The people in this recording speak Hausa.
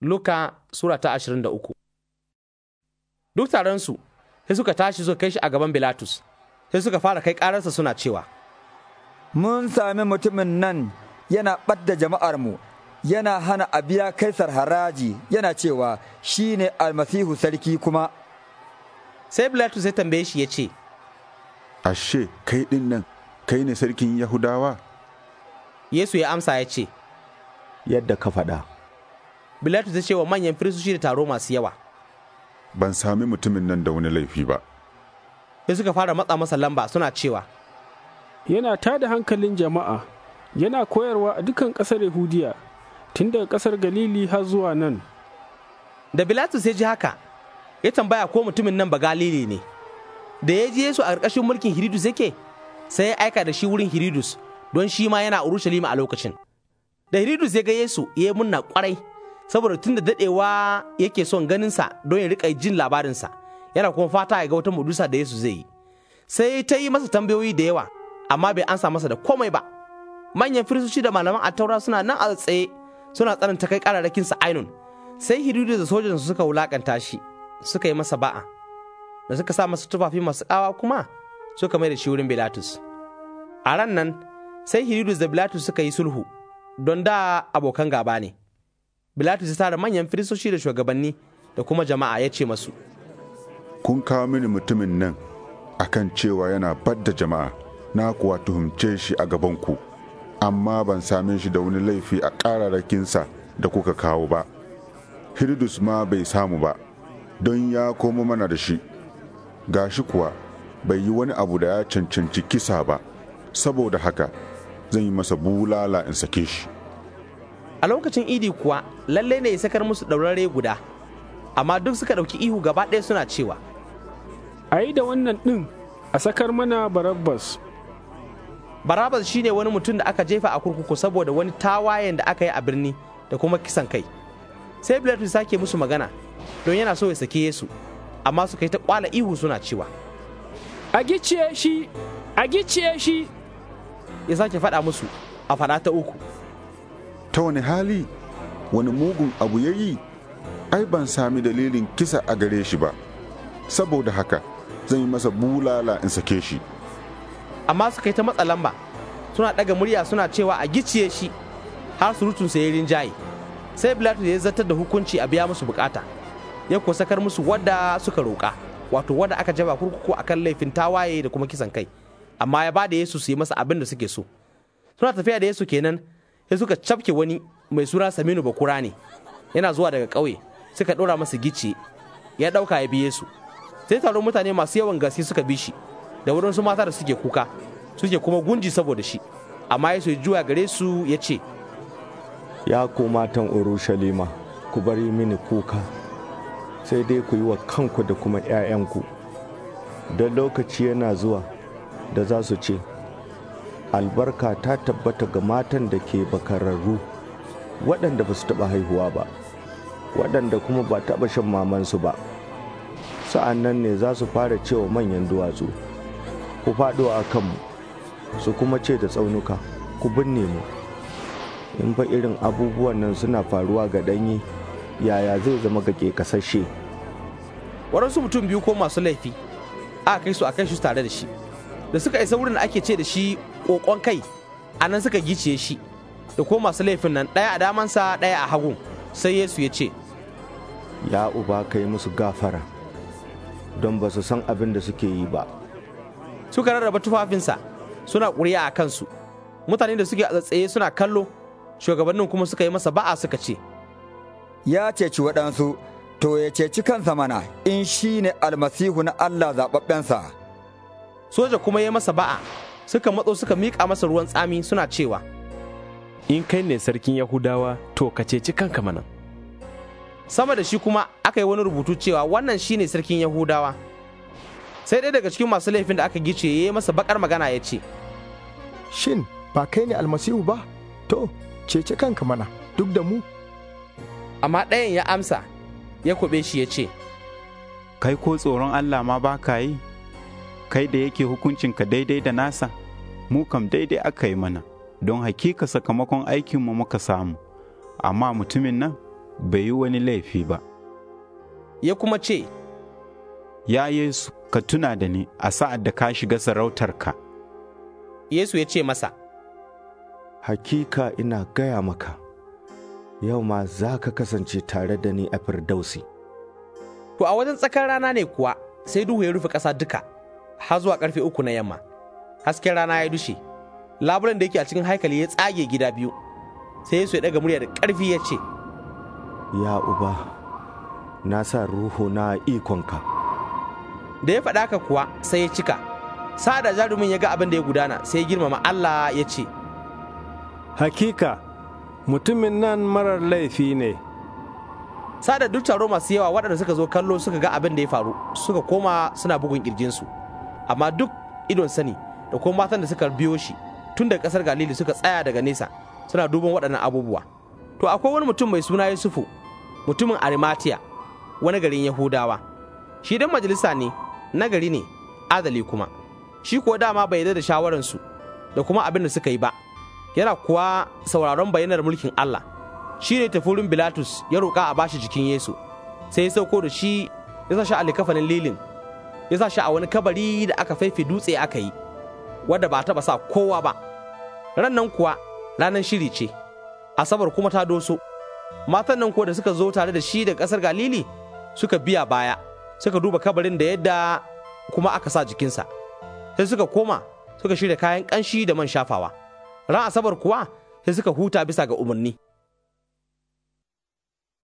Luka Sura ta ashirin da uku Duk taronsu sai suka tashi suka kai shi a gaban Bilatus, sai suka fara kai ƙararsa suna cewa, Mun sami mutumin nan yana ɓadda jama'armu, yana hana a biya kaisar haraji yana cewa shi ne almasihu sarki kuma. Sai Bilatus ya tambaye shi ya ce, Ashe, kai ɗin nan, kai ne sarkin Yahudawa? Yesu ya amsa ya ce, Yadda ka faɗa. Bilatu ya ce wa manyan firistoci da taro masu yawa. Ban sami mutumin nan da wani laifi ba. Sai suka fara matsa masa lamba suna cewa. Yana ta da hankalin jama'a, yana koyarwa a dukan ƙasar Yahudiya, tun daga ƙasar Galili har zuwa nan. Da Bilatus ya ji haka, ya tambaya ko mutumin nan ba Galili ne. Da ya ji Yesu a ƙarƙashin mulkin Hiridus yake, sai ya aika da shi wurin Hiridus don shi ma yana Urushalima a lokacin. Da Hiridus ya ga Yesu, ya yi munna ƙwarai, saboda tun da dadewa yake son ganinsa don ya rika jin labarinsa yana kuma fata ya ga wata mudusa da Yesu zai yi sai ta yi masa tambayoyi da yawa amma bai ansa masa da komai ba manyan firistoci da malaman a attaura suna nan a tsaye suna tsananta kai kararrakin sa ainun sai Hidudu da sojan suka wulakanta shi suka yi masa ba'a da suka sa masa tufafi masu kawa kuma suka mai da shi wurin Bilatus a ran nan sai Hidudu da Bilatus suka yi sulhu don da abokan gaba ne Bilatus ya tara manyan firistoci da shugabanni da kuma jama'a ya ce masu. Kun kawo mini mutumin nan akan cewa yana badda jama'a, na kuwa tuhumce shi a gabanku, amma ban same shi da wani laifi a ƙararrakinsa da kuka kawo ba. Hirdus ma bai samu ba, don ya komo mana da shi. Ga shi kuwa bai yi wani abu da ya cancanci kisa ba, saboda haka zan yi masa bulala in sake shi. a lokacin idi kuwa lallai ne ya sakar musu ɗaurare guda amma duk suka ɗauki ihu gaba ɗaya suna cewa a yi da wannan ɗin a sakar mana barabbas barabbas shine wani mutum da aka jefa a kurkuku saboda wani tawayen da aka yi a birni da kuma kisan kai sai bilatus sake musu magana don yana so ya sake yesu amma suka yi ta kwala ihu suna cewa a gicciye shi a gicciye shi ya sake faɗa musu a faɗa ta uku ta wani hali wani mugun abu ya yi ai ban sami dalilin kisa a gare shi ba saboda haka zan yi masa bulala in sake shi amma suka yi ta matsa lamba suna daga murya suna cewa a giciye shi har surutun sa ya jayi sai Bilatus ya zartar da hukunci a biya musu bukata ya kuwa sakar musu wadda suka roƙa wato wadda aka jaba kurkuku akan laifin tawaye da kuma kisan kai amma ya bada da Yesu su yi masa abin da suke so suna tafiya da Yesu kenan sai suka cafke wani mai suna saminu bakura ne yana zuwa daga ƙauye suka ɗora masa gice ya ɗauka ya biye su sai taron mutane masu yawan gaske suka bi shi da wurin su mata da suke kuka suke kuma gunji saboda shi amma yesu ya juya gare su ya ce ya ku matan urushalima ku bari mini kuka sai dai ku yi wa kanku da kuma 'ya'yanku da lokaci yana zuwa da za su ce albarka ta tabbata ga matan da ke bakararru waɗanda ba su taɓa haihuwa ba waɗanda kuma ba taɓa shan mamansu ba sa'an nan ne za su fara cewa manyan duwatsu ku faɗo a kanmu su kuma ce da tsaunuka ku binne mu in fa irin abubuwan nan suna faruwa ga ɗanyi yaya zai zama ga kasashe waɗansu mutum biyu ko masu laifi a kai su a kai shi tare da shi da suka isa wurin ake ce da shi ƙoƙon kai a nan suka gice shi da ko masu laifin nan ɗaya a damansa ɗaya a hagun sai yesu ya ce ya uba kai musu gafara don ba su san abin da suke yi ba suka rarraba tufafinsa suna ƙuri'a a kansu mutane da suke a tsatsaye suna kallo shugabannin kuma suka yi masa ba'a suka ce ya ceci waɗansu to ya ceci kansa mana in shi ne almasihu na allah zaɓaɓɓensa. soja kuma ya masa ba'a suka matso suka miƙa masa ruwan tsami suna cewa in kai ne sarkin yahudawa to ka ceci kanka mana sama da shi kuma aka yi wani rubutu cewa wannan shi ne sarkin yahudawa sai ɗaya daga cikin masu laifin da aka gice ya yi masa bakar magana ya ce shin ba kai ne almasihu ba to cece kanka mana duk da mu amma ɗayan ya amsa ya kuɓe shi ya ce kai ko tsoron allah ma ba ka yi kai da yake hukuncinka daidai da nasa, mu kam daidai aka yi mana, don hakika sakamakon aikinmu muka samu, amma mutumin nan bai yi wani laifi ba. Ya kuma ce, Ya Yesu, ka tuna da ni a sa'ad da ka shiga sarautarka. Yesu ya ce masa, Hakika ina gaya maka, yau ma za ka kasance tare da ni a firdausi. To a wajen tsakar rana ne kuwa sai duhu ya rufe ƙasa duka. har zuwa karfe uku na yamma hasken rana ya dushe labulen da yake a cikin haikali ya tsage gida biyu sai yesu ya daga murya da karfi ya ce ya uba na sa ruhu na ikonka da ya faɗa ka kuwa sai ya cika da jarumin ya ga abin da ya gudana sai ya girmama allah ya ce hakika mutumin nan marar laifi ne sada duk taro masu yawa waɗanda suka zo kallo suka ga abin da ya faru suka koma suna bugun kirjinsu amma duk idon sani da kuma matan da suka biyo shi tun da kasar galili suka tsaya daga nesa suna duban waɗannan abubuwa to akwai wani mutum mai suna yusufu mutumin arimatiya wani garin yahudawa shi dan majalisa ne na gari ne adali kuma shi kuwa dama bai yarda da shawararsu da kuma abin da suka yi ba yana kuwa sauraron bayanar mulkin allah shi ne tafurin bilatus ya roƙa a bashi jikin yesu sai ya sauko da shi ya sa shi alikafanin lilin ya sa shi a wani kabari da aka faife dutse aka yi wadda ba taɓa sa kowa ba ran nan kuwa ranar shiri ce asabar kuma ta doso matan nan kuwa da suka zo tare da shi daga ƙasar galili suka biya baya suka duba kabarin da yadda kuma aka sa jikinsa sai suka koma suka shirya kayan ƙanshi da man shafawa ran asabar kuwa sai suka huta bisa ga umarni